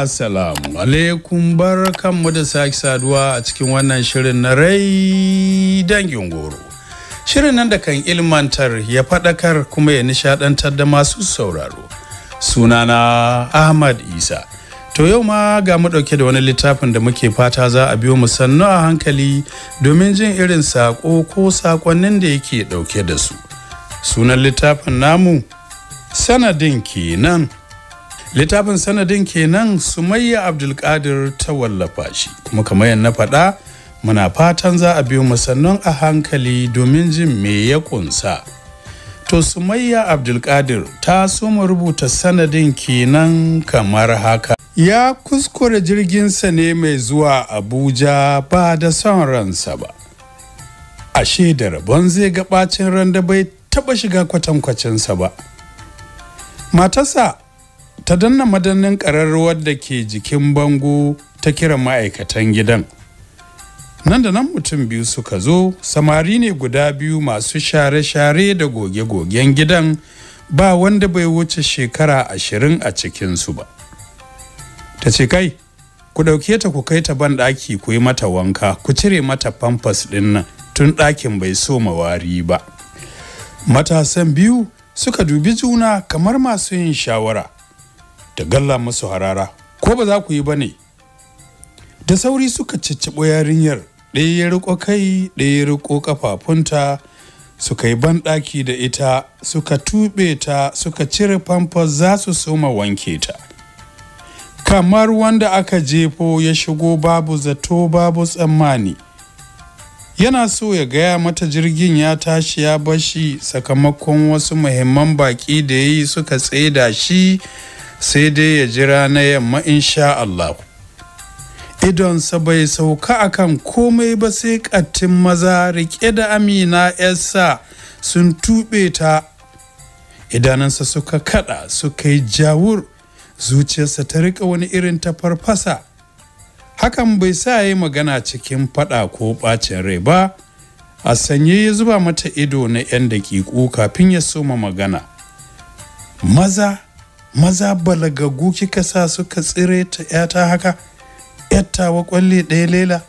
Assalamu alaikum barkanmu da sake saduwa a cikin wannan shirin na rai dangin goro. Shirin nan da kan ilmantar ya faɗakar kuma ya nishaɗantar da masu sauraro. Sunana Ahmad Isa. To yau ma ga mu ɗauke da wani littafin da muke fata za a biyo mu sannu a hankali domin jin irin sako ko saƙonnin da yake ɗauke da su. Sunan littafin namu sanadin kenan. nan. littafin sanadin kenan sumayya abdulkadir ta wallafa shi kuma kamar na faɗa muna fatan za a biyo sannan a hankali domin jin me ya kunsa to sumayya abdulkadir ta soma rubuta sanadin kenan kamar haka ya kuskure jirginsa ne mai zuwa abuja ba da son ransa ba ashe da rabon zai ga bacin ran bai taba shiga kwatankwacinsa ba matasa. ta danna madannin ƙararruwar da ke jikin bango ta kira ma'aikatan gidan nan da nan mutum biyu suka zo samari ne guda biyu masu share-share da goge-gogen gidan ba wanda bai wuce shekara ashirin a cikinsu ba ta ce kai ku ɗauke ta ku kai ta ban ɗaki ku yi mata wanka ku cire mata famfas ɗin nan tun ɗakin bai so mawari ba matasan biyu suka dubi juna kamar masu yin shawara da galla musu harara ko ba za ku yi ba ne da sauri suka cicciɓo yarinyar ɗaya ya riko kai ɗaya ya riko kafafunta suka yi banɗaki da ita suka tuɓe ta suka cire famfas za su soma wanke ta kamar wanda aka jefo ya shigo babu zato babu tsammani yana so ya gaya mata jirgin ya tashi ya bashi sakamakon wasu muhimman baƙi da ya yi suka tsaida shi sai dai ya jira na yamma insha Allah idonsa bai sauka akan komai ba sai kattin maza rike da amina yasa sun tuɓe ta idanansa suka kaɗa suka yi jawur zuciyarsa ta rika wani irin ta farfasa hakan bai sa yi magana cikin faɗa ko ɓacin rai ba a sanye ya zuba mata ido na 'yan daƙiƙu kafin ya soma magana maza maza balagagu kika sa suka tsire ta yata haka wa kwalle ɗaya lela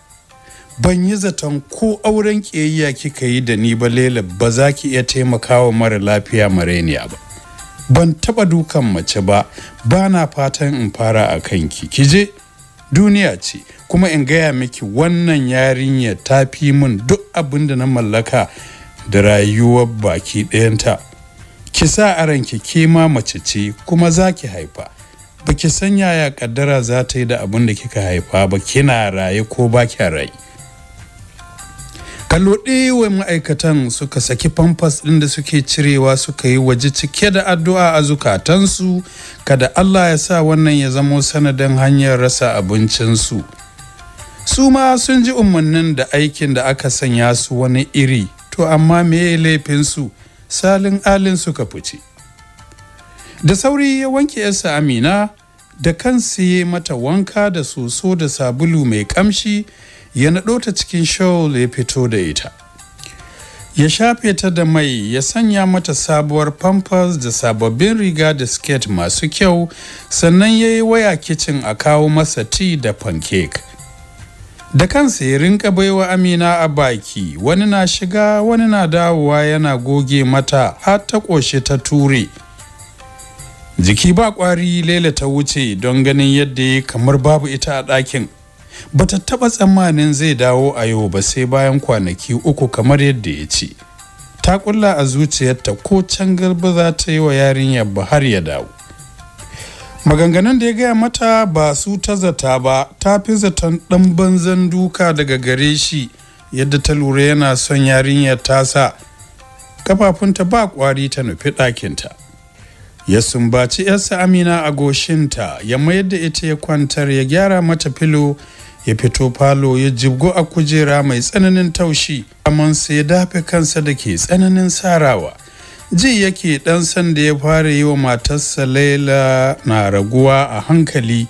ban yi zaton ko auren ƙiyayya kika yi da ni ba lela ba za ki iya taimakawa mara lafiya mareniya ba ban taɓa dukan mace ba ba na fatan in fara a kanki ki je duniya ce kuma in gaya miki wannan yarinya ta fi min duk abin da na mallaka da rayuwar baki ɗayanta ki sa a ranki ke ma mace ce kuma za ki haifa ba ki san yaya kaddara za ta yi da abin da kika haifa ba kina raye ko ba kya raye kallo wa ma'aikatan suka saki famfas ɗin da suke cirewa suka yi waje cike da addu'a a zukatansu kada allah ya sa wannan ya zamo sanadin hanyar rasa abincinsu su ma sun ji umarnin da aikin da aka sanya su wani iri to amma me laifinsu laifin su salin alin suka fice da sauri ya wanke yarsa amina da kansa ya mata wanka da soso da sabulu mai kamshi ya naɗo ta cikin shawl ya fito da ita ya shafe ta da mai ya sanya mata sabuwar pampers da sababbin riga da skirt masu kyau sannan ya yi waya kicin a kawo masa tea da pancake da kansa ya rinka baiwa amina a baki wani na shiga wani na dawowa yana goge mata har ta ƙoshe ta ture jiki ba ƙwari laila ta wuce don ganin yadda ya kamar babu ita a ɗakin ba ta taɓa tsammanin zai dawo a yau ba sai bayan kwanaki uku kamar yadda ya ce ta ƙulla a zuciyarta ko can garba za ta yi wa yarinyar ba har ya dawo maganganun da ya gaya mata ba su ta zata ba ta fi zaton ɗan banzan duka daga gare shi yadda ta lura yana son yarinyar tasa kafafunta ba kwari ta nufi ɗakinta ya sumbaci yarsa amina a goshinta ya mayar da ita ya kwantar ya gyara mata filo ya fito falo ya jibgo a kujera mai tsananin taushi amansa ya dafe kansa da ke tsananin sarawa ji yake dan sanda ya fara yi wa matarsa laila na raguwa a hankali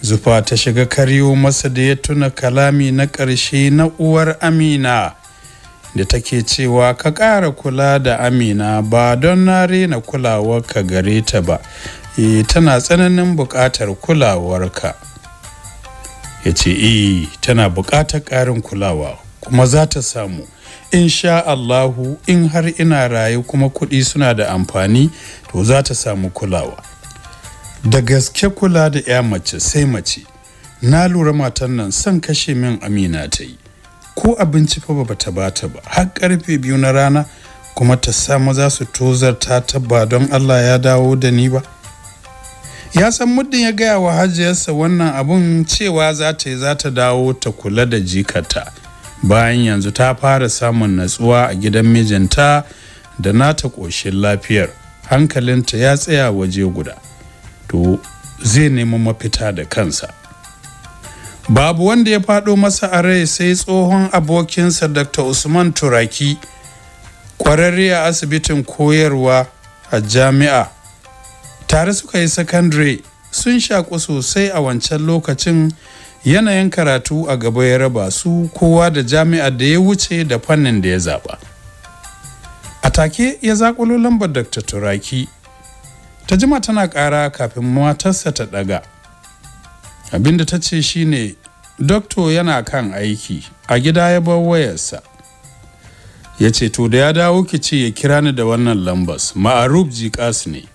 zufa ta shiga karyo masa da ya tuna kalami na ƙarshe na uwar amina da take cewa ka ƙara kula da amina ba don na rena ka gare ta ba e tana tsananin buƙatar kulawarka ya ce e tana buƙatar ƙarin kulawa kuma za ta samu insha Allahu in har ina rayu kuma kuɗi suna da amfani to za ta samu kulawa da gaske kula da 'ya mace sai mace na lura matan nan son kashe min amina ta yi ko abinci fa ba ta bata ba har karfe biyu na rana kuma ta sa maza su tozarta ta ba don Allah ya dawo da ni ba ya san muddin ya gaya wa hajiyarsa wannan abun cewa za ta yi za ta dawo ta kula da jikata bayan yanzu ta fara samun natsuwa a gidan mijinta da nata ƙoshin lafiyar hankalinta ya tsaya waje guda to zai nemi mafita da kansa babu wanda ya faɗo masa a rai sai tsohon abokinsa dr usman turaki ƙwararre a asibitin koyarwa a jami'a tare suka yi sakandare sun shaƙu sosai a wancan lokacin yanayin karatu a gaba ya raba su kowa da jami'ar da ya wuce da fannin da ya zaba a take ya zakulo lambar dr turaki ta jima tana kara kafin matarsa ta daga abinda ta ce shi ne dokto yana kan aiki a gida ya bar wayarsa ya ce to da ya dawo ki ce ya kira ni da wannan lambas ma'aruf jikas ne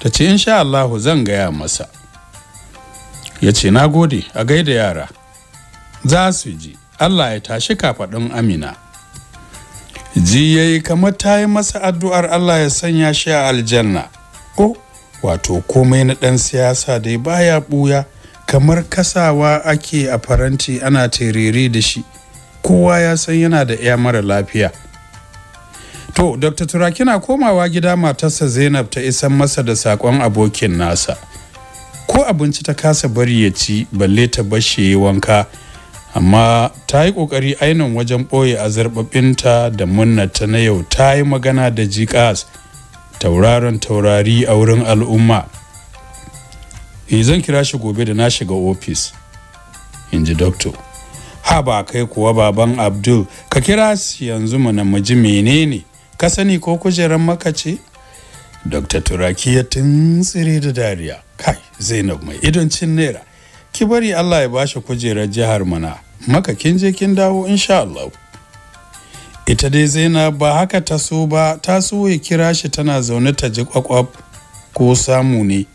ta ce in sha Allahu zan gaya masa ya ce na gode a gaida yara za su ji allah ya tashi kafaɗin amina ji ya yi kamar ta yi masa addu'ar allah ya sanya shi a aljanna oh wato komai na ɗan siyasa da ya baya ɓuya kamar kasawa ake a faranti ana tereri da shi kowa ya san yana da 'ya mara lafiya to dr turakina komawa gida matarsa zainab ta isan masa da sakon abokin nasa ko abinci ta kasa bari ya ci balle ta bashe wanka amma ta yi kokari ainihin wajen ɓoye a zarbabinta da ta na yau ta yi magana da jikas tauraron taurari a wurin al'umma e zan kira shi gobe da na shiga ofis in ji doctor ha ba kai kuwa baban abdul ka kira shi yanzu mana muji menene ka sani ko kujerar maka ce dr turaki ya tuntsire da dariya kai zainab mai cin naira ki bari allah ya bashi kujerar jihar mana maka kin je kin dawo insha allah ita dai zainab ba haka ta so ba ta so ya kira shi tana zaune ta ji kwakwaf ko samu ne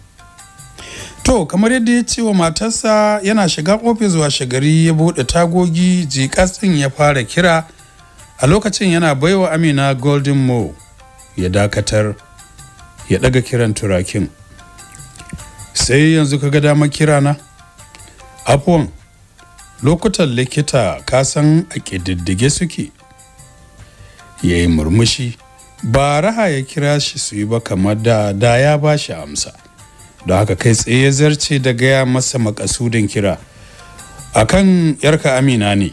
to kamar yadda ya ce wa matarsa yana shiga ofis washe gari ya buɗe tagogi jikas ɗin ya fara kira a lokacin yana baiwa amina golden mo ya dakatar ya ɗaga kiran turakin sai yanzu kaga ga damar kira na afuwan lokutan likita ka san a ƙididdige suke ya yi murmushi ba raha ya kira shi su yi ba kamar da da ya ba shi amsa don haka kai tsaye ya zarce da gaya masa makasudin kira a kan yarka amina ne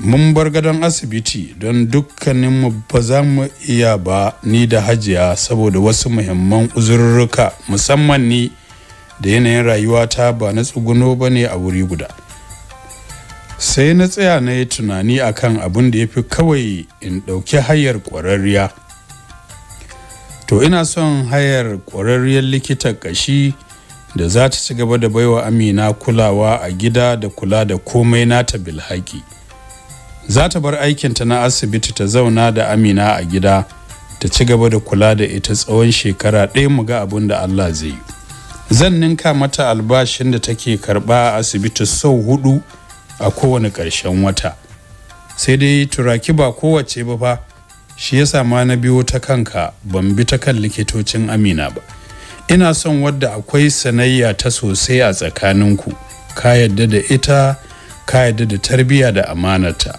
mun bar gadon asibiti don dukkaninmu ba za mu iya ba ni da hajiya saboda wasu muhimman uzurruka musamman ni da yanayin rayuwata ba na tsuguno ba ne a wuri guda sai na tsaya na yi tunani akan abin da ya fi kawai in ɗauki hayar ƙwararriya to ina son hayar ƙwararriyar likita ƙashi da za ta ci gaba da baiwa amina kulawa a gida da kula da komai nata bilhaki za ta bar aikinta na asibiti ta zauna da amina a gida ta ci gaba da kula da ita tsawon shekara ɗaya mu ga abin da allah zai yi zan ninka mata albashin da take karba a asibiti sau hudu a kowane ƙarshen wata sai dai turaki ba kowace ba fa shi yasa ma na biyo ta kanka ban bi ta kan likitocin amina ba ina son wadda akwai sanayya ta sosai a tsakaninku ka yadda da ita ka yadda da tarbiyya da amanata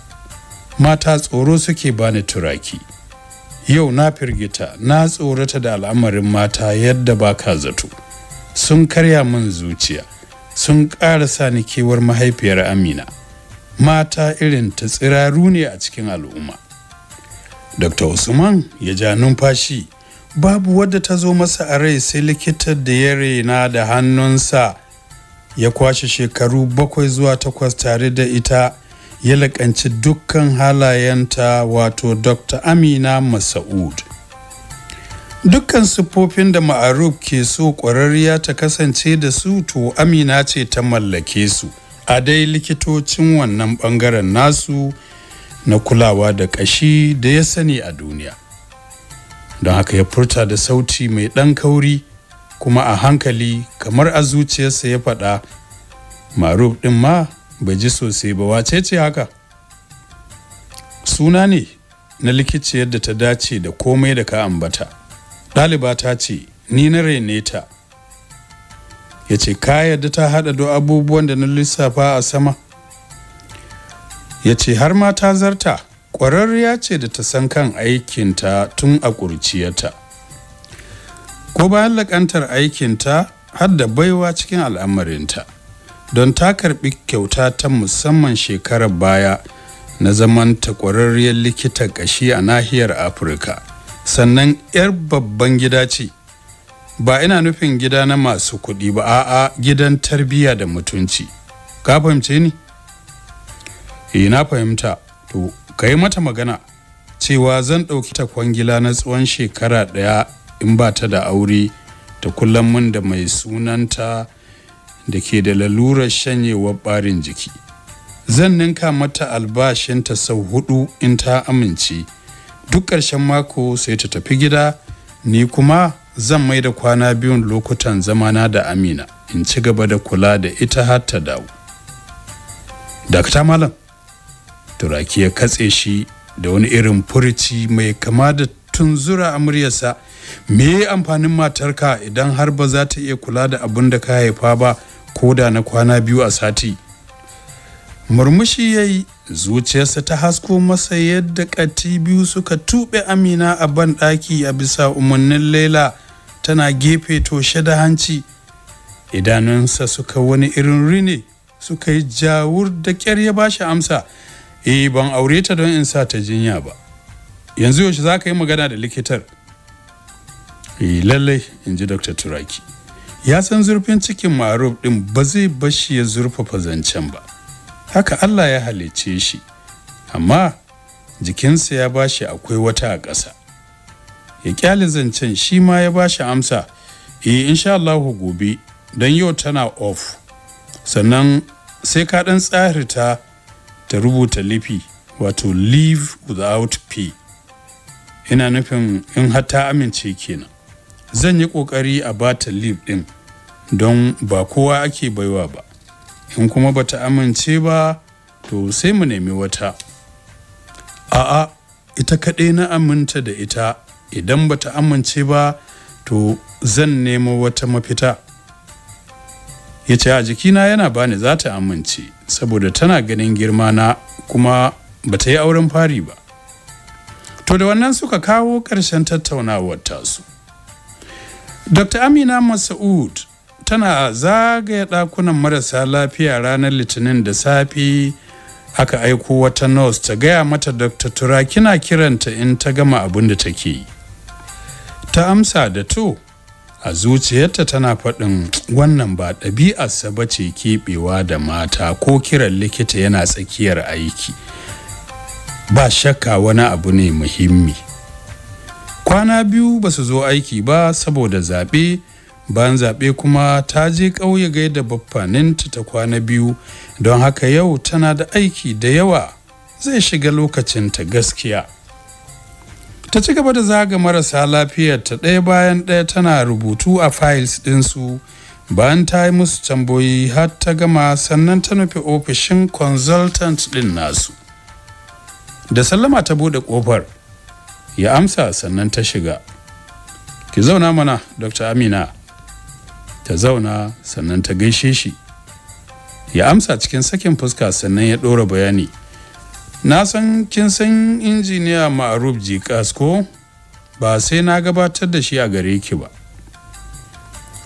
mata tsoro suke bani turaki yau na firgita na tsorata da al'amarin mata yadda ba ka zato sun karya min zuciya sun ƙara sa ni kewar mahaifiyar amina mata irin ta tsiraru ne a cikin al'umma dr usman ya ja numfashi babu wadda ta zo masa a rai sai likitar da ya rena da hannunsa ya kwashe shekaru bakwai zuwa takwas tare da ita ya lakanci dukkan halayenta wato dr amina masa'ud Dukkan siffofin da ma'aruf ke so ƙwararriya ta kasance da su to amina ce ta mallake su. A dai likitocin wannan ɓangaren nasu na kulawa da ƙashi da ya sani a duniya. Don haka ya furta da sauti mai ɗan kauri kuma a hankali kamar a zuciyarsa ya faɗa Maaruf ɗin ma bai ji sosai ba wace ce haka suna ne na likiciyar da ta dace da komai da ka ambata ɗaliba ta ce ni na rene ta ya ce ka yadda ta haɗa do abubuwan da na lissafa a sama ya ce har ma ta zarta ƙwararriya ce da ta san kan aikinta tun a ƙurciyarta ko bayan laƙantar aikinta har da baiwa cikin al'amarinta don ta karɓi kyauta ta musamman shekarar baya na zamanta ƙwararriyar likitan ƙashi a nahiyar afirka sannan 'yar babban gida ce ba ina nufin gida na masu kuɗi ba a'a gidan tarbiyya da mutunci ka fahimce ni eh na fahimta to ka yi mata magana cewa zan ɗauki ta kwangila na tsawon shekara ɗaya in ba ta da aure ta kullum mun da mai sunanta da ke da lalurar shanyewar ɓarin jiki zan ninka mata albashinta sau hudu in ta amince duk ƙarshen mako sai ta tafi gida ni kuma zan mai da kwana biyun lokutan zamana da amina in ci gaba da kula da ita har ta dawo dakta malam turaki ya katse shi da wani irin furici mai kama da tunzura a muryarsa me amfanin matarka idan har ba za ta iya kula da abin da ka haifa ba ko da na kwana biyu a sati murmushi ya yi zuciyarsa ta hasko masa yadda kati biyu suka tuɓe amina a banɗaki a bisa umarnin laila tana gefe toshe da hanci idanunsa suka wani irin rine suka yi jawur da ƙyar ya ba shi amsa eh ban aure ta don in sa ta jinya ba yanzu yaushe za ka yi magana da likitar yi eh, lallai in ji dr turaki ya san zurfin cikin maruf ɗin ba zai bashi ya zurfafa zancen ba haka Allah ya halicce shi amma jikinsa ya bashi akwai wata a ƙasa ya kyale zancen shi ma ya bashi amsa eh insha Allahu gobe don yau tana off sannan sai ka ɗan tsarita ta rubuta lifi wato leave without pay ina nufin in har ta amince kenan zan yi ƙoƙari a bata leave ɗin don ba kowa ake baiwa ba in kuma bata amince ba to sai mu nemi wata a'a ita kaɗai na aminta da ita idan bata amince ba to zan nemo wata mafita ya ce a jikina yana bani za ta amince saboda tana ganin girma na kuma ta yi auren fari ba to da wannan suka kawo ƙarshen tattaunawar tasu dr amina masa'ud tana zagaya dakunan marasa lafiya ranar litinin da safi aka aiko wata nurse ta gaya mata dr tura kina kiranta in ta gama abin da take yi ta amsa da to a zuciyarta tana faɗin wannan ba ɗabi'arsa ba ce keɓewa da mata ko kiran likita yana tsakiyar aiki ba shakka wani abu ne muhimmi kwana biyu ba su zo aiki ba saboda zaɓe bayan zaɓe kuma ta je ƙauye gaida baffaninta ta kwana biyu don haka yau tana da aiki da yawa zai shiga lokacinta gaskiya ta ci gaba da zaga marasa lafiyar ta ɗaya bayan ɗaya tana rubutu a files ɗinsu bayan ta yi musu tamboyi har ta gama sannan ta nufi ofishin consultant ɗin nasu da sallama ta buɗe ƙofar ya amsa sannan ta shiga ki zauna mana dr amina ta zauna sannan ta gaishe shi ya amsa cikin sakin fuska sannan ya ɗora bayani na san kin san injiniya ma'aruf jikas ko ba sai na gabatar da shi a gare ki ba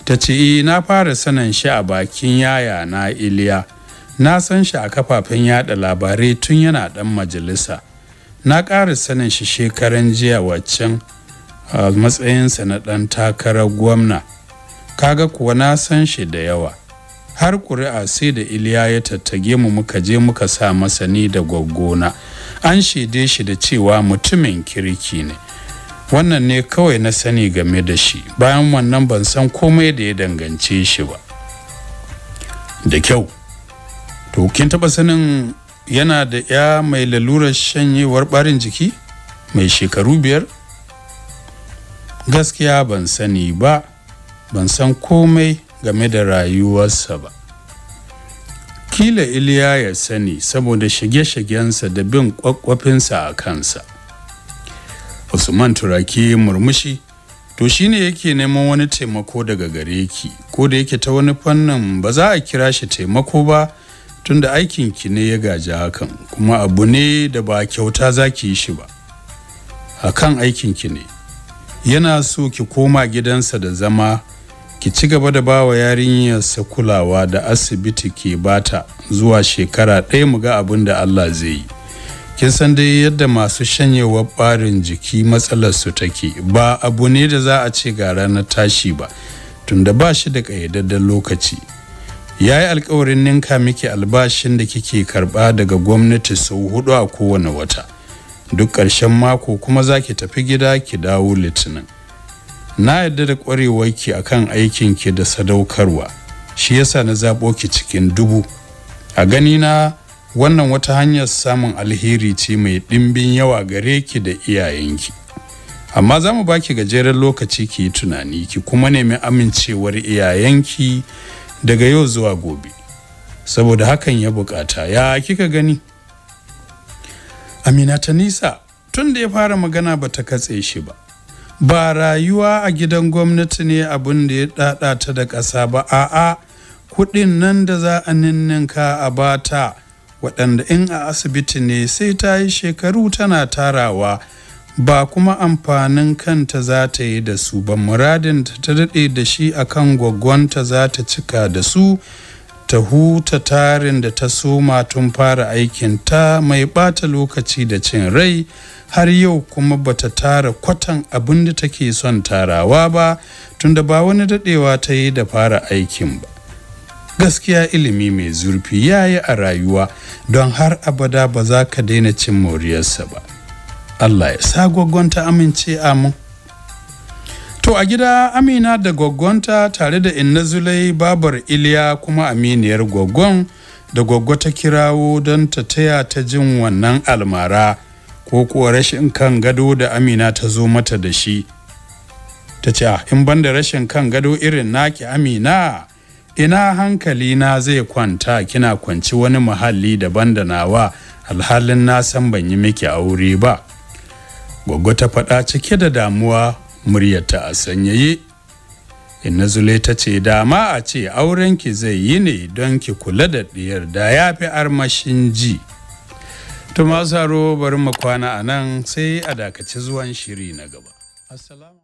ta ce eh, na fara sanin shi a bakin yaya na iliya na san shi a kafafen yada labarai tun yana dan majalisa na ƙara sanin shi shekaran jiya waccan a matsayinsa na ɗan takarar gwamna kaga kuwa na san shi da yawa har ƙuri'a sai da iliya ya tattage mu muka je muka sa masani ni da gwaggona an shaide shi da cewa mutumin kirki ne wannan ne kawai na sani game da shi bayan wannan ban san komai da ya dangance shi ba da kyau to kin taɓa sanin yana da ya mai lalurar shanyewar ɓarin jiki mai shekaru biyar gaskiya ban sani ba ban san komai game da rayuwarsa ba kila iliya ya sani saboda shige-shigensa da bin kwakwafinsa a kansa usman turaki murmushi to shine yake neman wani taimako daga gare ki ko da yake ta wani fannin ba za a kira shi taimako ba tunda aikin ki ne ya gaji hakan kuma abu ne da ba kyauta za ki yi shi ba akan aikin ki ne yana so ki koma gidansa da zama ki ci gaba da bawa yarinyarsa kulawa da asibiti ke bata zuwa shekara ɗaya mu ga abin da Allah zai yi kin san dai yadda masu shanyewar ɓarin jiki matsalar su take ba abu ne da za a ce ga ranar tashi ba tunda ba shi da ƙayyadadden lokaci ya yi alkawarin ninka miki albashin da kike karɓa daga gwamnati sau hudu a kowane wata duk ƙarshen mako kuma za ki tafi gida ki dawo litinin na yadda da ƙwarewarki akan aikinki da sadaukarwa shi yasa na zaɓo ki cikin dubu a gani na wannan wata hanyar samun alheri ce mai ɗimbin yawa gare ki da iyayenki amma za mu baki gajeren lokaci ki yi tunani ki kuma nemi amincewar iyayenki daga yau zuwa gobe saboda hakan ya bukata ya kika gani amina ta nisa tun da ya fara magana ba ta katse shi ba ba rayuwa a gidan gwamnati ne abin da ya ɗaɗata da ƙasa ba a'a kuɗin nan da za a ninninka a bata waɗanda in a asibiti ne sai ta yi shekaru tana tarawa ba kuma amfanin kanta za ta yi da su ba muradin ta daɗe da shi akan gwaggwanta za ta cika da su ta huta tarin da ta soma tun fara aikinta mai bata lokaci da cin rai har yau kuma bata tara kwatan abin da take son tarawa ba tunda ba wani daɗewa ta yi da fara aikin ba gaskiya ilimi mai zurfi ya yi a rayuwa don har abada ba za ka daina cin moriyarsa ba allah ya sa gwaggon ta amince amin To a gida Amina da gwaggonta tare da Inna Zulai babar Iliya kuma aminiyar gwaggon da gwaggo ta kirawo don ta taya ta jin wannan almara ko kuwa rashin kan gado da Amina ta zo mata da shi. Ta ce, ah, in ban da rashin kan gado irin naki Amina, ina hankali na zai kwanta kina kwanci wani muhalli daban da nawa alhalin na san ban yi miki aure ba. Gwaggo ta faɗa cike da damuwa muryarta a sanyaye inazule ta ce dama a ce aurenki zai yi ne don ki kula da ɗiyar da ya fi armashin ji to masu bari mu kwana a nan sai a dakaci zuwan shiri na gaba